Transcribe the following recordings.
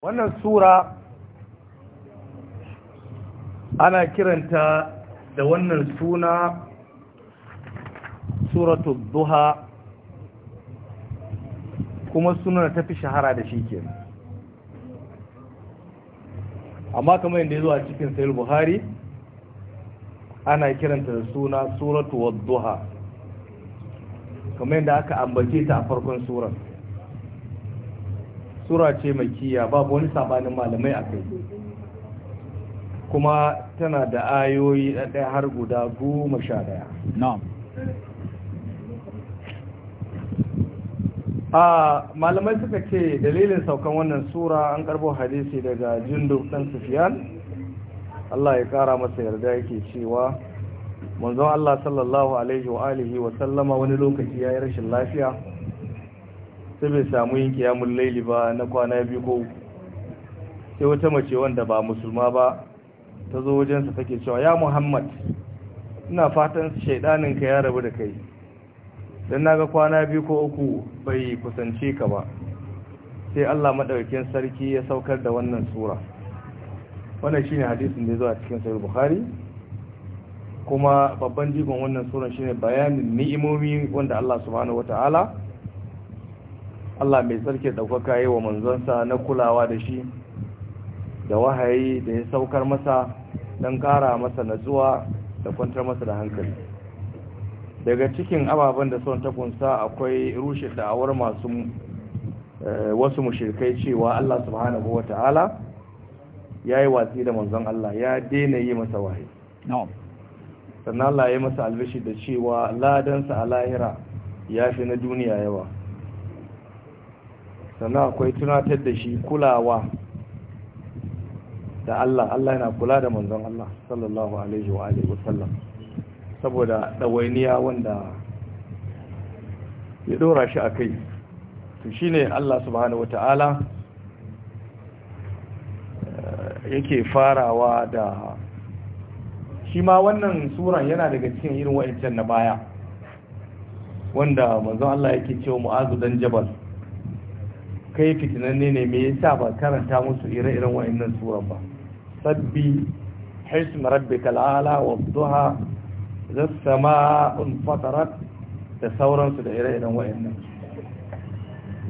wannan sura ana kiranta da wannan suna suratu duha kuma suna ta fi shahara da shi ke amma kama yadda ya zo cikin sayil buhari ana kiranta da suna suratu wadduha kama yadda aka ambace ta a farkon suratu sura ce mai kiya babu wani sabanin malamai a kai kuma tana da ayoyi ɗaya har guda goma sha ɗaya a malamai suka ce dalilin saukan wannan sura an karbo hadisi daga jinduk ɗan sufiyan Allah ya ƙara masa yarda yake cewa manzon Allah sallallahu alaihi wa alihi wa sallama wani lokaci ya yi rashin lafiya sai bai samu yin kiyamun laili ba na kwana biyu ko sai wata mace wanda ba musulma ba ta zo wajensa take cewa ya muhammad ina fatan shaidaninka ya rabu da kai don ga kwana biyu ko uku bai kusance ka ba sai allah maɗaukin sarki ya saukar da wannan sura wannan shine hadisin da ya zo a cikin sayar Buhari? kuma babban jigon wannan suran shine bayanin ni'imomi wanda allah subhanahu wata'ala Allah mai tsarki ɗaukaka yi wa manzansa na kulawa da shi da wahayi da ya saukar masa don ƙara masa natsuwa da kwantar masa da hankali daga cikin ababen da son takunsa akwai rushe da'awar masu eh, wasu mashirkai cewa Allah subhanahu wa ta'ala ya yi watsi da manzon Allah ya daina yi masa wahayi sannan Allah ya masa albishi da cewa ladansa a lahira ya fi na duniya yawa sannan akwai tunatar da shi kulawa da Allah Allah yana kula da manzon Allah sallallahu alaihi wa alihi wasallam saboda dawainiya wanda ya dora shi akai to shine Allah subhanahu wataala eh, yake farawa da shi ma wannan suran yana daga cikin irin wa'ancan na baya wanda manzon Allah yake cewa mu'azu dan jabal kai fitinanne ne me yasa ba karanta musu ire-iren wa'annan suran ba sabbi hism rabbikal ala wadduha zassama'un fatarat da sauransu da ire-iren wa'annan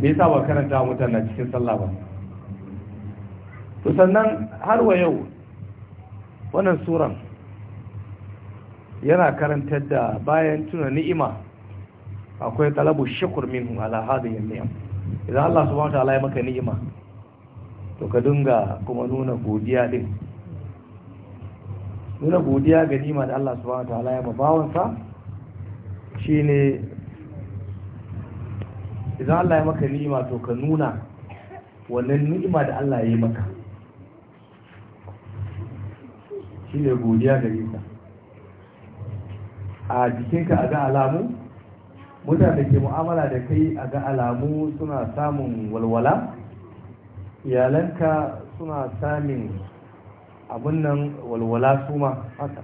me yasa ba karanta mutane cikin sallah ba to sannan har wa yau wannan suran yana karantar da bayan tuna ni'ima akwai talabu shakur minhu ala hadhihi ni'am idan Allah mata ala ya maka ni'ima to ka dinga kuma nuna godiya din nuna godiya ga ni'ima da Allah mata ala ya bawansa ne idan Allah ya maka ni'ima to ka nuna wannan ni'ima da Allah ya yi maka ne godiya ga ni'ima a jikinka a ga alamu mutane ke mu'amala da kai a ga alamu suna samun walwala iyalanka suna samun abin nan walwala su ma haka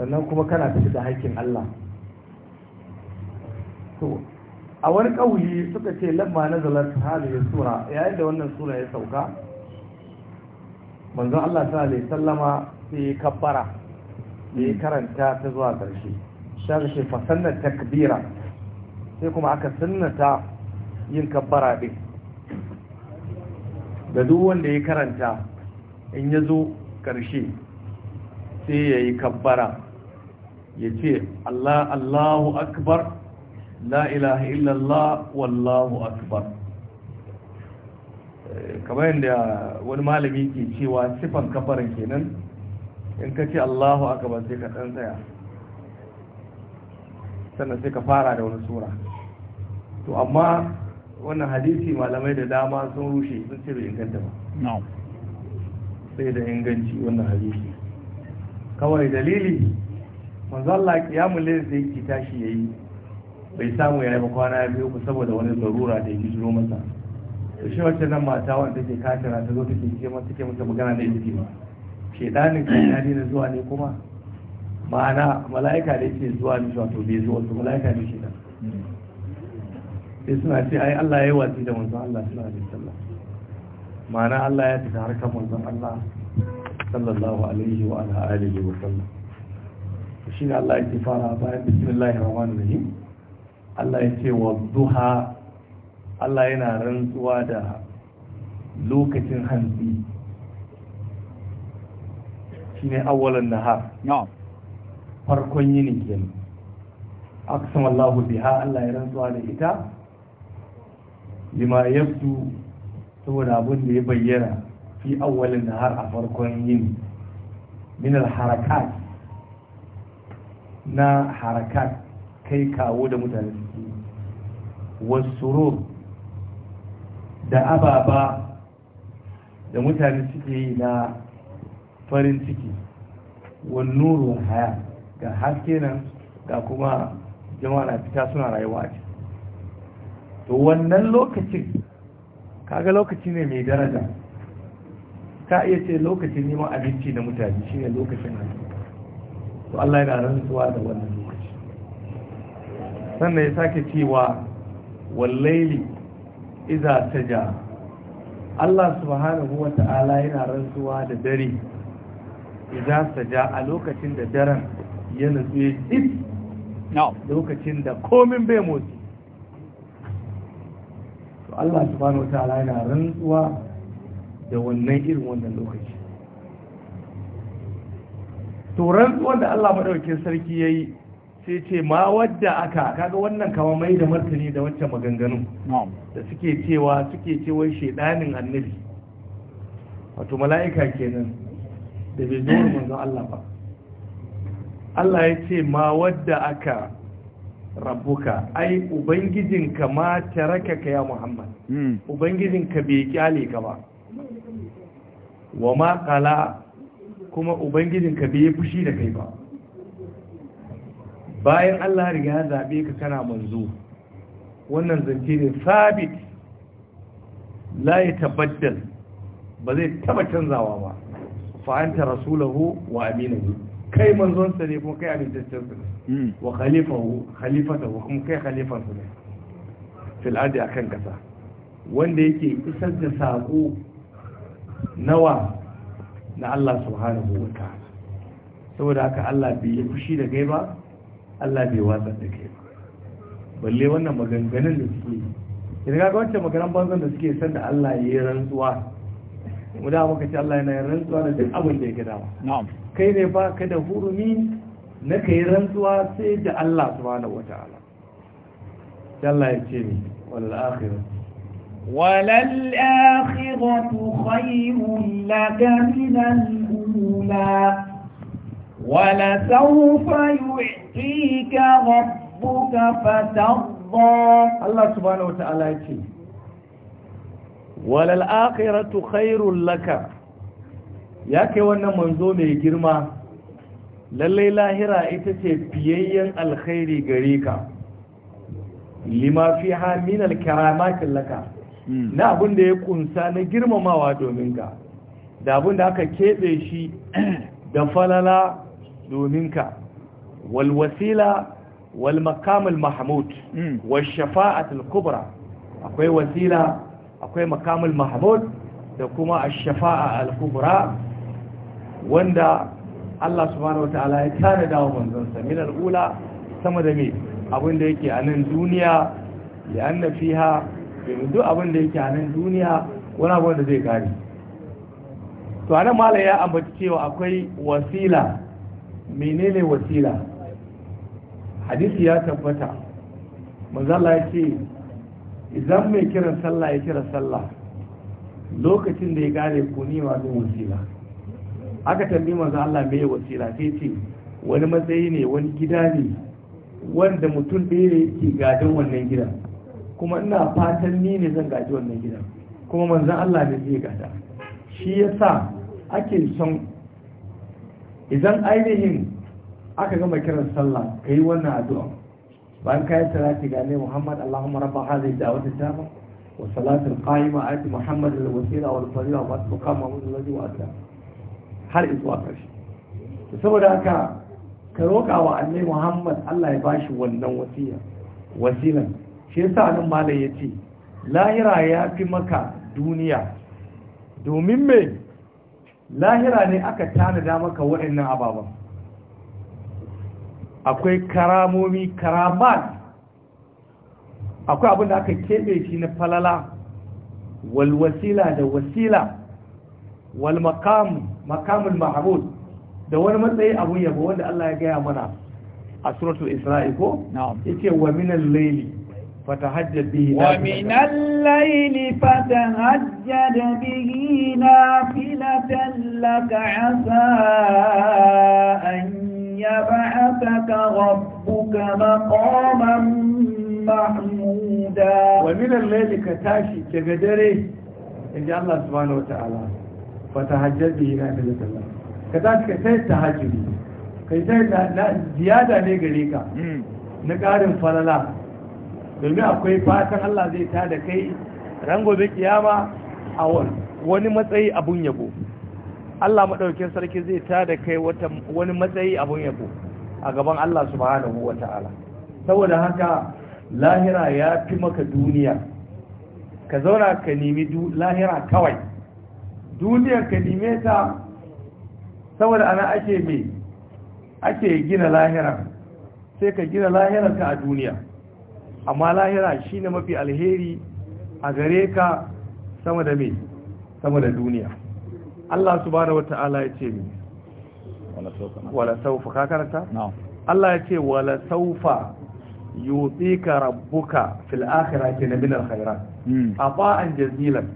sannan kuma kana tafi da haƙƙin Allah to a wani ƙauye, suka ce lamma na zalar ya sura yayin da wannan sura ya sauka manzon Allah sallallahu alaihi sallama sai kabbara da ya karanta ta zuwa ƙarshe shi shi fasannan takbira sai kuma aka sunnata yin kabbara ɗin da duk wanda ya karanta in ya zo ƙarshe sai ya yi kabbara ya ce Allah Allahu akbar la ilaha illallah wallahu akbar eh, kamar yadda wani malami ke cewa sifan kabbaran kenan in ka ce allahu akabar sai ka ɗan tsaya sannan sai ka fara da wani sura to amma wannan hadisi malamai da dama sun rushe sun ce bai inganta ba sai da inganci wannan hadisi kawai dalili manzalla kiyamun lai sai ke tashi yi. bai samu ya yi ba kwana ya biyu ku saboda wani larura da ya jiro masa to shi wacce nan mata wanda ke katira ta zo ta ke ce masu ke mata magana da yake ba shedanin kai na daina zuwa ne kuma ma'ana mala'ika da yake zuwa ne wato bai zuwa su mala'ika ne shedan sai suna ce ai Allah ya yi wasi da manzon Allah suna da sallah ma'ana Allah ya tafi harkar manzon Allah sallallahu alaihi wa ala alihi wa sallam shi ne Allah yake fara bayan bismillahir rahmanir rahim Allah ya ce wa duha Allah yana rantsuwa da lokacin hantsi shine awwalan nahar na'am farkon yini kenan aqsam Allahu biha Allah ya rantsuwa da ita lima yabdu saboda abin da ya bayyana fi awwalin nahar a farkon yini min al-harakat na harakat kai kawo da mutane suke wasurur da ababa da mutane suke yi na farin ciki wa haya ga haske nan ga kuma jama'a na fita suna rayuwa ce to wannan lokacin kaga lokaci ne mai daraja ka iya ce lokacin neman abinci da mutane shi ne lokacin hannu to Allah yana rantsuwa da wannan lokaci sannan ya sake cewa wallaili iza ja Allah subhanahu wa ta'ala yana rantsuwa da dare idza saja a lokacin da daren ya nutsu ya dip lokacin da komin bai motsi to Allah subhanahu wataala yana rantsuwa da wannan irin wannan lokaci to rantsuwan da Allah madaukakin sarki yi sai ce ma wadda aka kaga wannan kama mai da martani da wancan maganganu da suke cewa suke cewa shaidanin annabi wato mala'ika kenan da bai zo manzon Allah ba Allah ya ce ma wadda aka rabuka ai ubangijinka ma taraka ka ya Muhammad hmm. ubangijinka bai kyale ka ba wa ma kala kuma ubangijinka bai fushi da kai ba bayan Allah riga ya zabe ka kana manzo wannan zance ne sabit la ya tabaddal ba zai taba canzawa ba fa’anta rasulahu wa aminahu kai manzon sa ne kuma kai amintaccen sa ne hmm. wa khalifahu wa kuma kai Khalifa sa ne fil a akan kasa wanda yake isar da sako nawa na Allah subhanahu wa ta'ala saboda haka Allah bai yi fushi da kai ba Allah bai watsar da kai ba balle wannan maganganun da suke idan ga wancan maganan banzan da suke san da Allah ya yi rantsuwa mu da muka ce Allah yana rantsuwa da duk abin da ya gada na'am kai ne ba ka da hurumi na kai rantsuwa sai da Allah subhanahu wata'ala sai Allah ya ce ni wal akhirah wal akhiratu khayrun laka min al-ula ولسوف يعطيك ربك فترضى الله سبحانه وتعالى يقول walal akhiratu khairul laka ya kai wannan manzo mai girma lallai lahira ita ce fiyayyen alkhairi gare ka lima fiha min alkaramatin laka hmm. na abin da ya kunsa na girmamawa domin ka da abin da aka keɓe shi da falala domin ka walwasila al mahmud hmm. wal shafa'atul kubra akwai wasila akwai makamul mahmud da kuma ash-shafa'a al-kubra wanda Allah subhanahu wataala ya tana dawo manzon sa min al-ula sama da me abin da yake a nan duniya ya anna fiha duk abin da yake a nan duniya wani abin da zai kare to anan mala ya ambaci cewa akwai wasila menene wasila hadisi ya tabbata Allah ya ce idan mai kiran sallah ya kira sallah lokacin da ya gane ku ni ma zan wasila aka tambayi manzo Allah me wasila sai ce wani matsayi ne wani gida ne wanda mutum ɗaya ne ke gadon wannan gida kuma ina fatan ni ne zan gaji wannan gida kuma manzon Allah ne zai gada shi yasa ake son idan ainihin aka gama kiran sallah kai wannan addu'a bayan kayan salati ga ne muhammad allahumma rabba hadhihi da'wati tama wa salatu al-qa'ima ati muhammad al-wasila wal fadila wa tuqama min alladhi wa ata har izuwa karshe saboda haka ka roƙa wa annabi muhammad Allah ya bashi wannan wasiya wasilan shi yasa nan malai yace lahira ya fi maka duniya domin me lahira ne aka tanada maka waɗannan ababen akwai karamomi karamat akwai abin da aka keɓe shi na falala walwasila da wasila walmakam makamul mahamud da wani matsayi abun yabo wanda Allah ya gaya mana a suratul isra'i ko yake wa minal layli fatahajjad bihi wa minal layli fatahajjad bihi nafilatan laka asa an يبعثك ربك مقاما محمودا ومن الليل كتاشي كقدري إن شاء الله سبحانه وتعالى فتهجد به نعمة الله كتاشي كتاشي تهجد كتاشي زيادة ليك na ƙarin falala domin akwai fatan Allah zai ta da kai rango zai kiyama a wani matsayi abun yabo Allah maɗaukin sarki zai ta da kai wani matsayi abun yabo a gaban Allah subhanahu wa ta'ala saboda haka lahira ya fi maka duniya ka zauna ka nemi lahira kawai duniyar ka nime ta saboda ana ake mai ake gina lahira sai ka gina lahirarka a duniya amma lahira shine mafi alheri a gare ka sama da mai sama da duniya Allah su bada wata ala ya ce ne wala saufa ka karanta Allah ya ce wala saufa ka yutika rabbuka fil na binar hmm. al a ba’an jazilan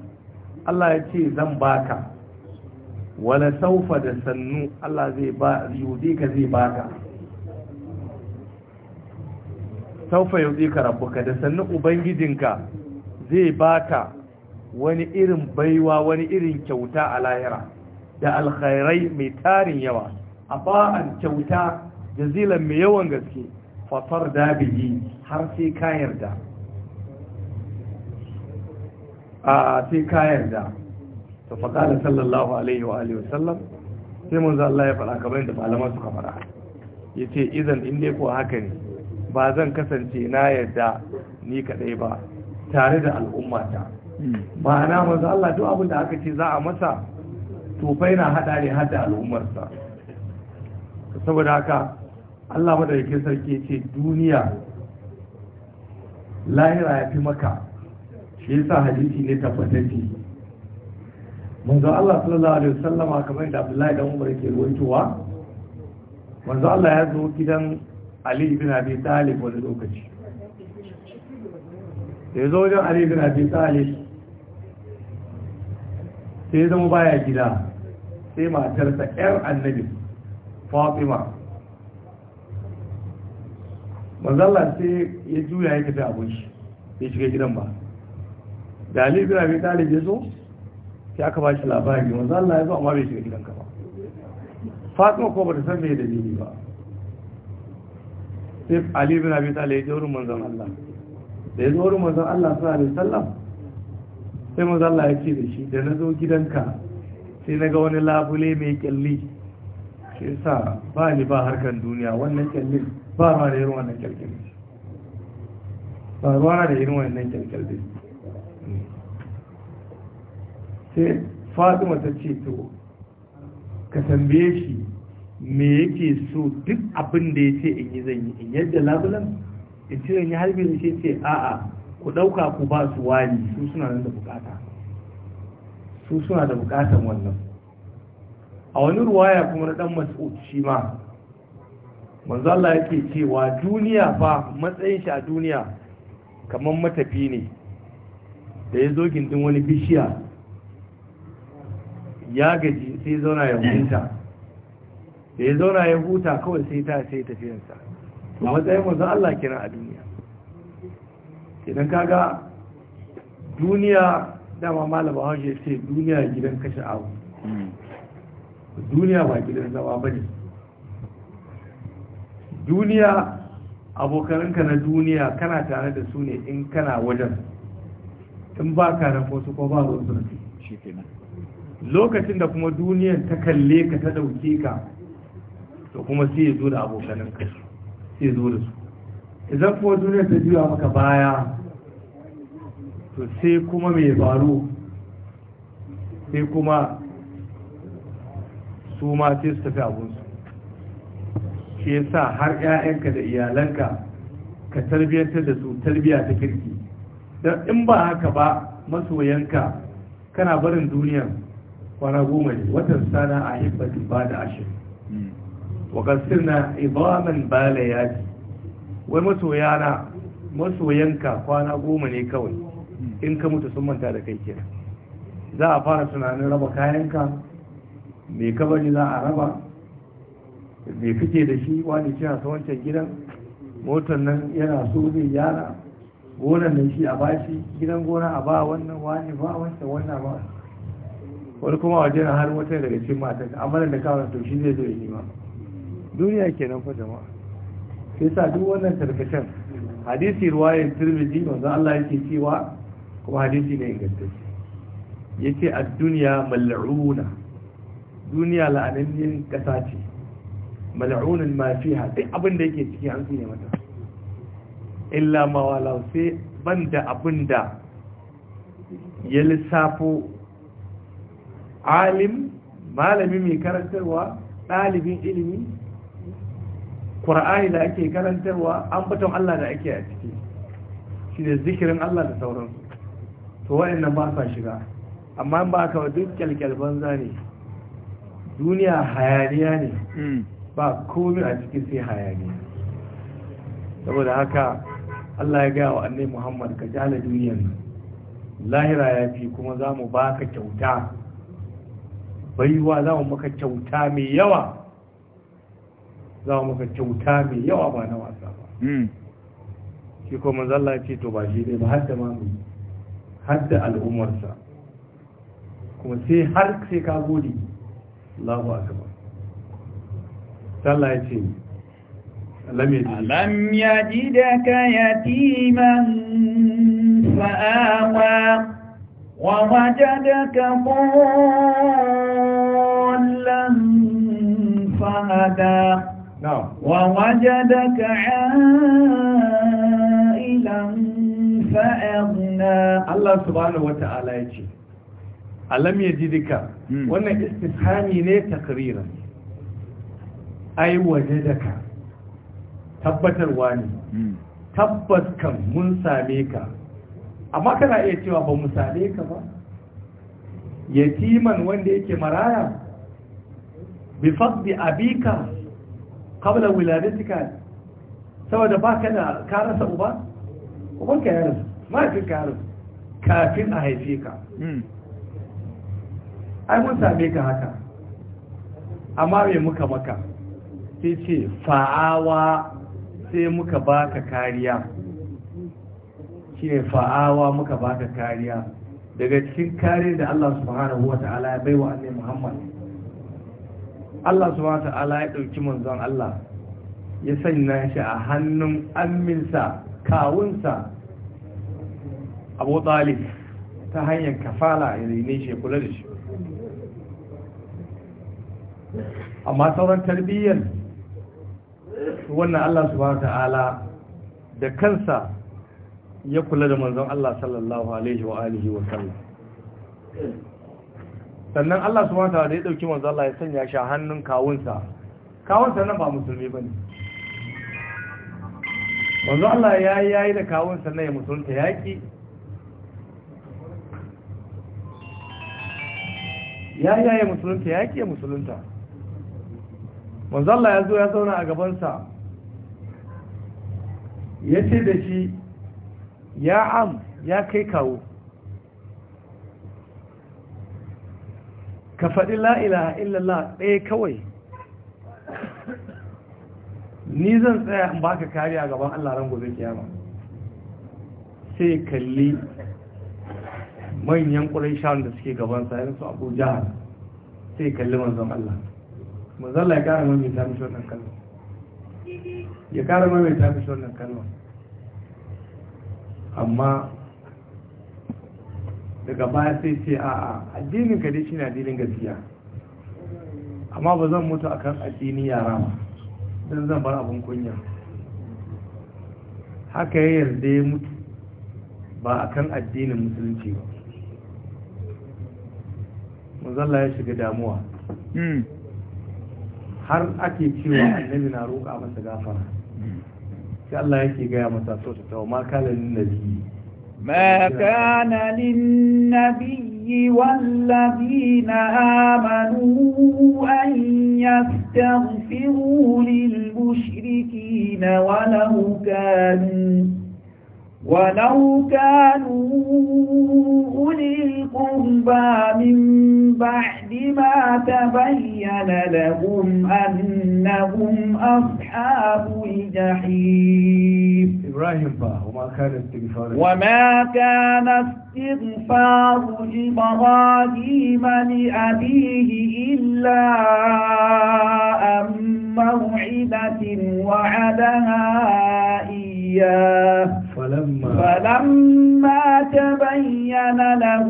Allah ya ce zan baka wala saufa da sannu Allah zai ba ka zai baka saufa yutika rabbuka da sannu ubangijinka zai baka wani irin baiwa wani irin kyauta a lahira da alkhairai mai tarin yawa a ba'an kyauta jazilan mai yawan gaske fatar dabihi har sai ka yarda a sai ka yarda ta faɗa da sallallahu alaihi wa alihi wasallam sai mun za Allah ya faɗa kamar da malaman suka faɗa ya ce izan inda ko haka ne ba zan kasance na yarda ni kaɗai ba tare da al'ummata ba na manzo Allah duk abin da aka ce za a masa to fa yana hada ne hada al'ummarsa saboda haka Allah madaukakin sarki ce duniya lahira ya fi maka shi yasa hadisi ne tabbatacce manzo Allah sallallahu alaihi wasallama kamar da Abdullahi dan Umar ke ruwaitowa manzo Allah ya zo gidan Ali ibn Abi Talib wani lokaci da ya zo wajen Ali ibn Abi Talib sai ya zama baya gida sai matarsa 'yar annabi fatima manzalla sai ya juya ya tafi abin shi ya shiga gidan ba da alibira mai talib ya zo sai aka ba shi labari manzalla ya zo amma bai shiga gidan ka ba fatima ko ba ta san mai dalili ba sai alibira mai talib ya zo wurin manzan allah da ya zo wurin manzan allah sallallahu alaihi wasallam sai maza Allah ya ce da shi da na zo gidanka sai na ga wani labule mai kyalli shi sa ba ni ba harkan duniya wannan kyallin ba ruwa da irin wannan kyalkyal ba ruwa da irin wannan kyalkyal din sai fatima ta ce to ka tambaye shi me yake so duk abin da ya ce in yi zan yi in yadda labulan in ce in yi harbi da shi ce a'a ku ɗauka ku ba su wani su suna nan da bukata su suna da bukatan wannan a wani ruwaya kuma na ɗan mas'ud shi ma manzo Allah yake cewa duniya fa matsayin shi a duniya kamar matafi ne da ya zo gindin wani bishiya ya gaji sai zauna ya huta da ya zauna ya huta kawai sai ta sai tafiyarsa a matsayin manzo Allah kenan a duniya idan kaga duniya dama malaba hajji ce duniya gidan kashe abu duniya ba gidan zama ba ne duniya abokananka na duniya kana tare da su ne in kana wajen in ba ka nan wasu ko ba ruwan suna lokacin da kuma duniyan ta kalle ka ta dauke ka to kuma sai ya zo da abokananka sai ya zo da su idan kuma duniya ta juya maka baya to sai kuma mai faru sai kuma su ma sai su tafi abinsu shi ya sa har 'ya'yanka da iyalanka ka tarbiyyantar da su tarbiya ta kirki don in ba haka ba masoyanka kana barin duniya kwana goma ne watan sana a hibbati ba da ashirin hmm. wa kasir na ibaman balayati wai masoyana masoyanka kwana goma ne kawai in ka mutu sun manta da kai kenan za a fara tunanin raba kayanka mai kabari za a raba mai fike da shi wani ce a wancan gidan motar nan yana so zai yana gonan nan shi a bashi gidan gona a ba wannan wani ba wancan wannan ba wani kuma waje na har wata daga cin matan amma da kawo to shi zai zo ya nima duniya kenan fa jama'a sai sa duk wannan tarkacen hadisi ruwayan tirmidhi manzo Allah yake cewa kuma hadisi ne ingantacce yace ad-dunya mal'una duniya la'anannin ƙasa ce mal'unul ma fiha duk abin da yake ciki an tsine mata illa ma wala sai banda abin da ya lissafo alim malami mai karantarwa ɗalibin ilimi Kur'ani da ake karantarwa an fatan Allah da ake a ciki shi da zikirin Allah da sauransu to waɗannan ba sa shiga amma ba ka duk kyalkyal banza ne duniya hayaniya ne mm. ba komi a ciki sai hayaniya saboda haka Allah ya gaya wa annai Muhammad ka jala duniyan lahira ya fi kuma za mu ba ka kyauta baiwa za mu maka kyauta mai yawa za mu ga kyauta mai yawa ba na wasa ba hmm. shi ko manzalla ce to ba shi ne ba hadda ma mu hadda al'ummarsa kuma sai har sai ka gode Allahu akbar sallah ya ce alam yajidaka yatiman fa'awa wa wajadaka qawlan fahada ووجدك عائلا فأغنى الله سبحانه وتعالى يجي ألم يجدك wannan istifhami ne takrira ai wajadaka tabbatarwa ne tabbas kan mun same ka amma kana iya cewa ba mu same ka ba yatiman wanda yake maraya bi fadli abika kabla wiladatika saboda baka da ka rasa uba uban ka ya ma mahaifin ka ya kafin a haife ka hmm. ai mun same ka haka amma me muka maka sai ce fa'awa sai muka baka kariya shi fa'awa muka baka kariya daga cikin kare da Allah subhanahu wa ta'ala ya baiwa annabi Muhammad Allah subhanahu ala ya ɗauki manzon Allah ya sanya shi a hannun amminsa kawunsa abu talib ta hanyar kafala ya rene shi ya kula da shi amma sauran tarbiyyar wannan Allah subhanahu ala da kansa ya kula da manzon Allah sallallahu alaihi wa alihi wa sallam sannan Allah subhanahu wataala da ya dauki manzo Allah ya sanya shi a hannun kawunsa kawunsa nan ba musulmi bane manzo Allah ya yayi da kawunsa nan ya musulunta yaki ya yayi musulunta yaki ya musulunta manzo Allah ya zo ya zauna a gabansa ya ce da shi ya am ya kai kawo ka faɗi la'ila illallah ɗaya kawai ni zan tsaya in ka kariya gaban Allah ran gobe kiyama sai kalli manyan ƙuraishan da suke gaban sa yanzu Abu jihar sai kalli manzan Allah manzon Allah ya kara mai ta mishi wannan kalma ya kara mai ta mishi wannan kalma amma daga baya sai ce a'a addinin ka dai na addinin gaskiya amma ba zan mutu akan addini yara ba don zan bar abin kunya haka ya yarda ya mutu ba akan addinin musulunci ba Muzalla ya shiga damuwa hmm. har ake cewa annabi na roƙa masa gafara hmm. sai Allah yake gaya masa so ta tawo ma kalan nabi ما كان للنبي والذين آمنوا أن يستغفروا للمشركين ولو كانوا ولو كانوا أولي القربى من بعد ما تبين لهم أنهم أصحاب الجحيم إبراهيم وما كان استغفار وما كان استغفار إبراهيم لأبيه إلا أن موعدة وعدها إياه فلما, فلما تبين له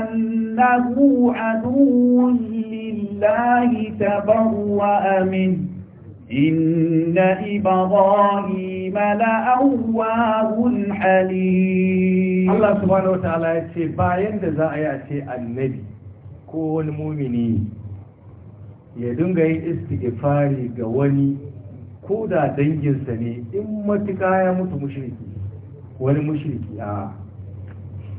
أنه عدو لله تبرأ منه إن إبراهيم لأواه حليم الله سبحانه وتعالى يتبع باين دزا يأتي النبي كل مؤمنين يدنغ استغفاري قواني كودا دنجل سني إما تكايا متو مشركي wani mushriki a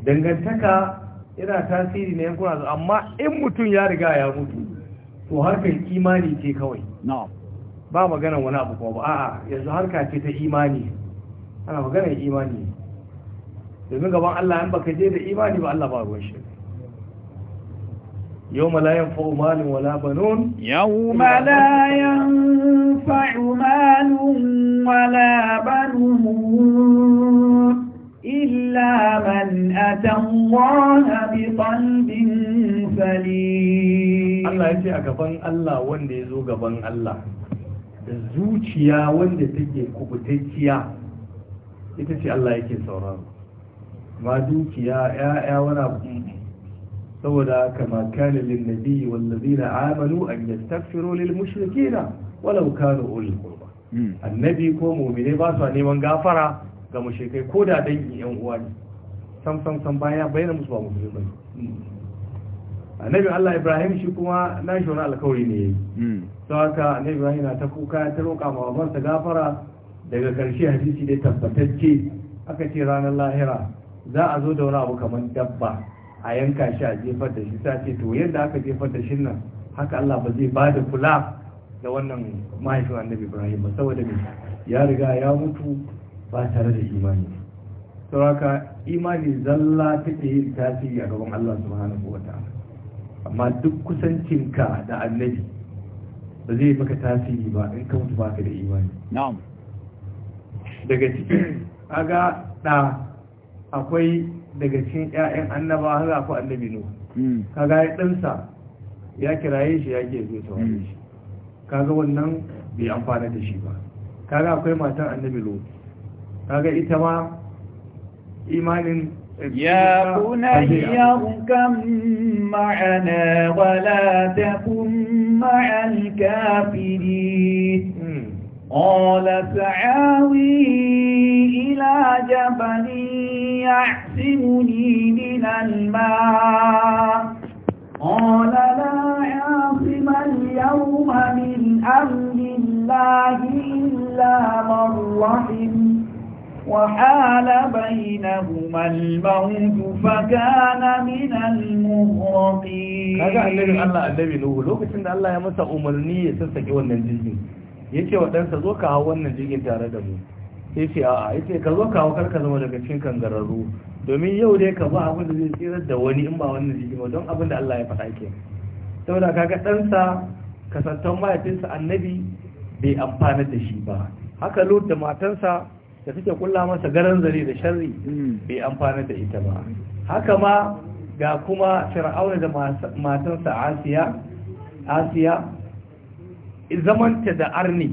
dangantaka yana tasiri na yankuna amma in mutum ya riga ya mutu to harkar imani ce kawai ba maganan wani abu kuma ba a'a yanzu harka ce ta imani ana maganan imani domin gaban Allah yan baka je da imani ba Allah ba ruwan shi يوم لا ينفع مال ولا بنون يوم لا ينفع مال ولا بنون إلا من أتى Allah ya ce الله يتي Allah wanda ya zo gaban Allah. da zuciya wanda take kubutacciya ita ce Allah yake sauraro ma dukiya ya'ya wani abu saboda kama kana lin nabi ladina amanu an yastaghfiru lil mushrikina walau kanu ul qurba hmm. annabi ko mu'mine ba su neman gafara ga mushrikai ko da dangi yan uwa ne sam sam sam baya bayyana musu ba musulmai annabi Allah Ibrahim shi kuma na wani alkawari ne yayi hmm. don haka annabi Ibrahim na ta kuka ta roƙa ma babansa gafara daga ƙarshe hadisi dai tabbatacce aka ce ranar lahira za a zo da wani abu kamar dabba a yanka shi a jefar da shi sace to yadda aka jefar da shi nan haka Allah ba zai bada kula da wannan mahaifin annabi Ibrahim ba saboda me ya riga ya mutu ba tare da imani haka imani zalla take yin tasiri a gaban Allah subhanahu wa ta'ala amma duk kusancinka da annabi ba zai maka tasiri ba in ka mutu baka da imani na'am daga cikin aga da akwai daga cikin ƴaƴan annaba har akwai annabi nuhu hmm. kaga ya ɗansa ya kiraye shi ya ke zai saurare hmm. shi kaga wannan bai amfana da shi ba kaga akwai matan annabi lot kaga ita ma imanin يا بني اركم معنا ولا تكن مع الكافرين قال سعاوي إلى جبل يعصمني من الماء قال لا عاصم اليوم من أمر الله إلا من رحمه وحال بينهما الموت فكان من المغرقين kaga annabi Allah annabi Nuhu lokacin da Allah ya masa umarni ya sassake wannan jirgin yace wa dan sa zo ka hawo wannan jirgin tare da mu ce a'a yace ka zo ka hawo ka zama daga cikin kangararru domin yau dai ka ba abin da zai tsirar da wani in ba wannan jirgin ba don abin da Allah ya faɗa ke saboda kaga dan sa kasantan mahaifinsa annabi bai amfana da shi ba haka lo da matansa da suke kulla masa garan zari da sharri hmm. bai amfana da ita ba haka ma ga kuma fir'auna da matarsa asiya asiya zamanta da arni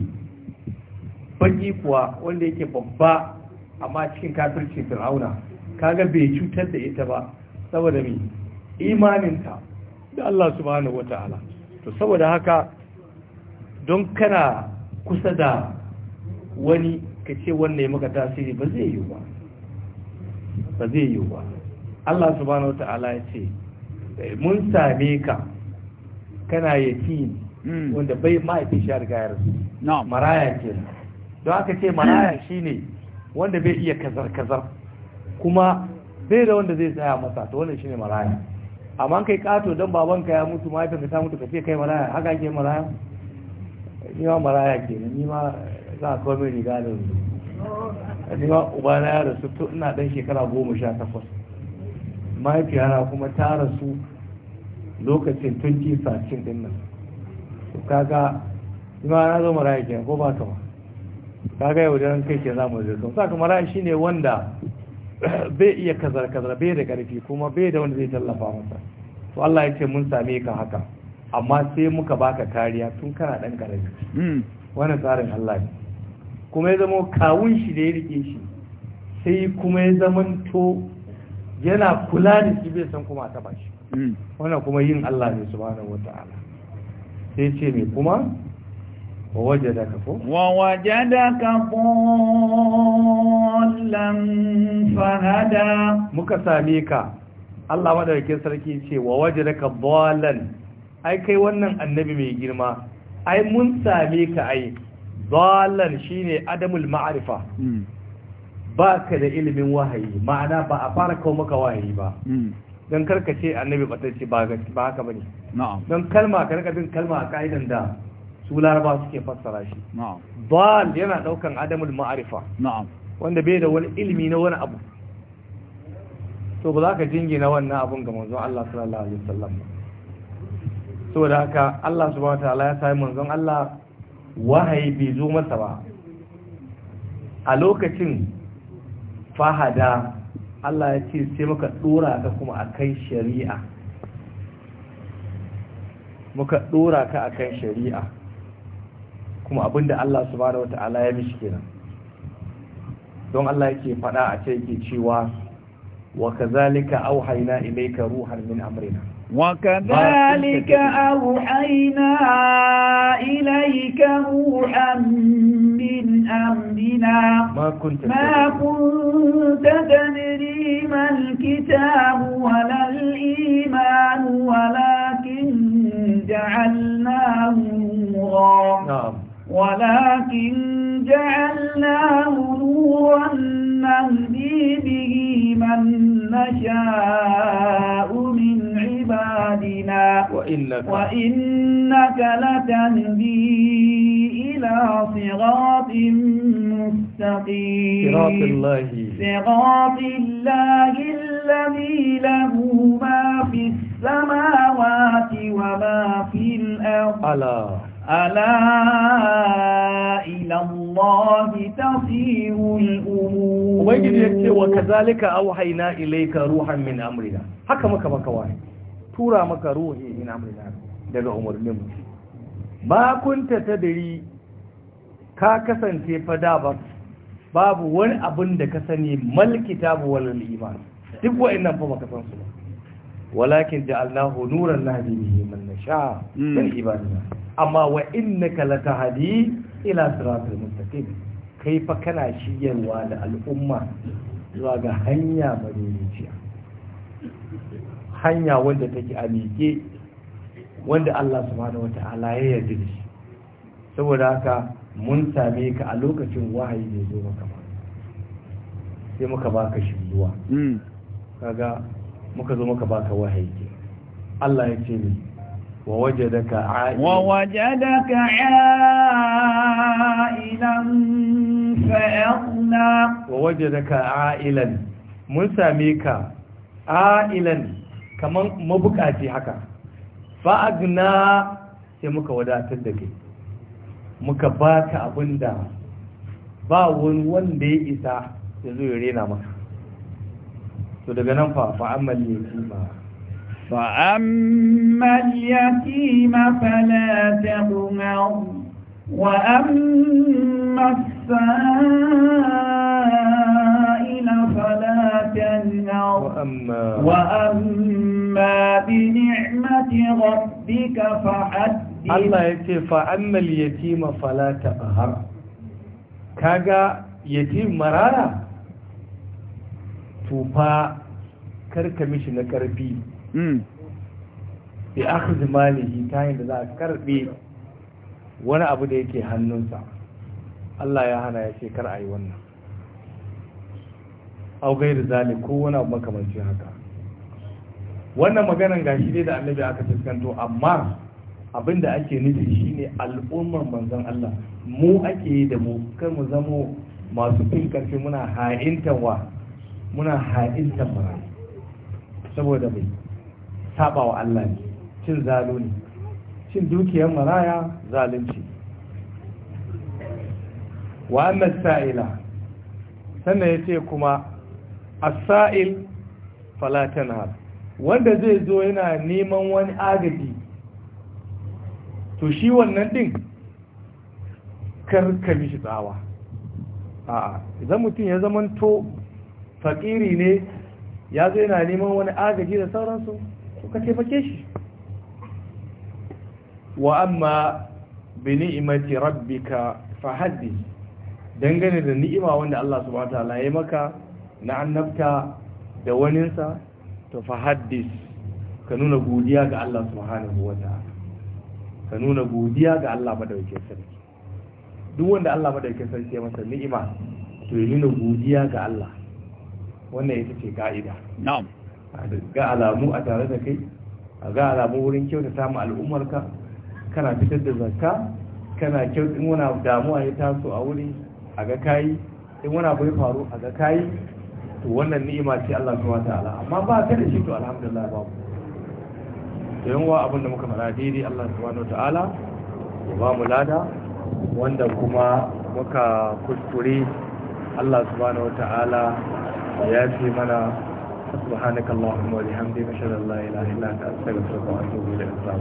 baki kuwa wanda yake babba amma cikin kafirci fir'auna kaga bai cutar da ita ba saboda mai imaninta da Allah subhanahu wata'ala to saboda haka don kana kusa da wani ka ce wannan ya maka tasiri ba zai yi ba ba zai yi ba Allah subhanahu ta'ala ya ce mun same ka kana yakin hmm. wanda bai mahaifin shi riga ya maraya ke don aka ce maraya shine wanda bai iya kazar-kazar kuma bai da wanda zai tsaya masa to wannan shine maraya amma kai kato don babanka ya mutu mahaifinka ta mutu ka ce kai maraya haka ke maraya ni ma maraya ke ni ma sa komai riga da wuri ni ma ubana ya rasu to ina dan shekara goma sha takwas mahaifiyana kuma ta rasu lokacin 2013 din nan kaga ima na zo mara ke ko ba ka ba kaga yau da kai ke za mu zai don saka maraya shine wanda bai iya kazar kazar bai da karfi kuma bai da wanda zai tallafa masa to Allah ya ce mun same ka haka amma sai muka baka kariya tun kana dan karfi hmm. wannan tsarin Allah ne kuma ya zama kawun shi da ya rike shi sai kuma ya to yana kula da shi bai san kuma ta shi hmm. wannan kuma yin Allah ne subhanahu wata'ala sai ce ne kuma ووجدك fahada muka same ka Allah madaukakin sarki ce ka bolan ai kai wannan annabi mai girma ai mun same ka ai dalar shine adamul ma'arifa hmm. ba ka da ilimin wahayi ma'ana ba a fara kawo maka wahayi ba hmm. don karkace annabi batacce ba haka bane don kalma ka rika bin kalma a ka'idan da su laraba suke fassara shi dal yana daukan adamul ma'arifa wanda bai da wani ilimi na wani abu to ba za ka jingina wannan abun ga manzon Allah sallallahu alaihi wasallam saboda haka Allah subhanahu ta'ala ya sami manzon Allah wahayi bai zo masa ba a lokacin fahada Allah ya ce sai muka dora ka kuma akan shari'a muka dora ka akan shari'a kuma abinda Allah subhanahu wata'ala ya mishi kenan don Allah yake fada a ce yake cewa wa kazalika auhayna ilayka ruhan min amrina وكذلك أوحينا إليك روحا من أمرنا ما كنت, ما كنت تدري ما الكتاب ولا الإيمان ولكن جعلناه نورا نعم ولكن جعلناه نورا نهدي به من نشاء من عبادنا وإنك, وإنك لتهدي إلى صراط مستقيم صراط الله صراط الله الذي له ما في السماوات وما في الأرض ألا ألا إلى الله تصير الأمور وكذلك أوحينا إليك روحا من أمرنا حكمك واحد tura maka ruhi min amrina daga umarnin mu ba kunta tadri ka kasance fa da ba babu wani abin da ka sani mal kitabu wal iman duk wa'annan fa baka san su ba walakin ja'alnahu nuran nahdi bihi man nasha hmm. min ibadina amma wa innaka latahdi ila siratal mustaqim kai fa kana shiryarwa da al'umma zuwa ga hanya madaidaiciya hanya wanda take a miƙe wanda Allah subhanahu wata'ala ya yarda da shi saboda haka mun same ka a lokacin wahayi ne zo maka ba sai muka baka zuwa hmm. kaga muka zo maka baka wahayi ke Allah ya ce ni wa wajadaka a'ilan wa wajadaka a'ilan yaqna wa wajadaka a'ilan mun same ka a'ilan kamar mabukaci haka fa'agna sai muka wadatar da kai muka baka abin da ba wani wanda ya isa ya zo ya rena maka to daga nan fa fa'ammal yatima fa'ammal yatima fala taqmar wa amma sa'a. فلا تنهر وأما, وأما بنعمة ربك فحدث الله يتي فأما اليتيم فلا تقهر كاغا يتيم مرارا توفا كركمش نكربي bi akhd malihi ta yadda za a karbe wani abu da yake hannunsa Allah ya hana ya ce kar a yi wannan au da zali ko wani abu makamancin haka wannan maganan gashi ne da annabi aka fuskanto amma abin da ake nufi shi ne al'ummar manzan Allah mu ake yi da mu kan mu zamo masu fin karfi muna ha'intan wa muna ha'intan mara saboda mai saba wa Allah ne cin zalo ne cin dukiyar maraya zalunci wa sa'ila sannan yace kuma asa'il falatanar wanda zai zo yana neman wani agaji to shi wannan din karkami shi tsawa a idan mutum ya zamanto fakiri ne ya zo yana neman wani agaji da sauransu to ka taimake shi wa amma bi ni'imati rabbika fahaddi dangane da ni'ima wanda Allah subhanahu wa ta'ala ya maka na annabta da waninsa to fa haddis ka nuna godiya ga Allah subhanahu wa ta'ala ka nuna godiya ga Allah madaukakin sarki duk wanda Allah madaukakin sarki ya masa ni'ima to ya nuna godiya ga Allah wannan ita ce ka'ida na'am ga alamu a tare da kai a ga alamu wurin kyauta samu al'ummarka kana fitar da zakka kana kyautin wani damuwa ya taso a wuri a ga kayi in wani abu ya faru a ga kayi to wannan ni'ima ce Allah subhanahu ta'ala, amma ba ta da shi to alhamdulillah ba to yan wa abinda muka fara daidai Allah subhanahu ta'ala, ya ba mu lada wanda kuma muka kuskure Allah subhanahu ta'ala ya ce mana subhanakallahumma wa bihamdika ashhadu an la ilaha illa anta astaghfiruka wa atubu ilayk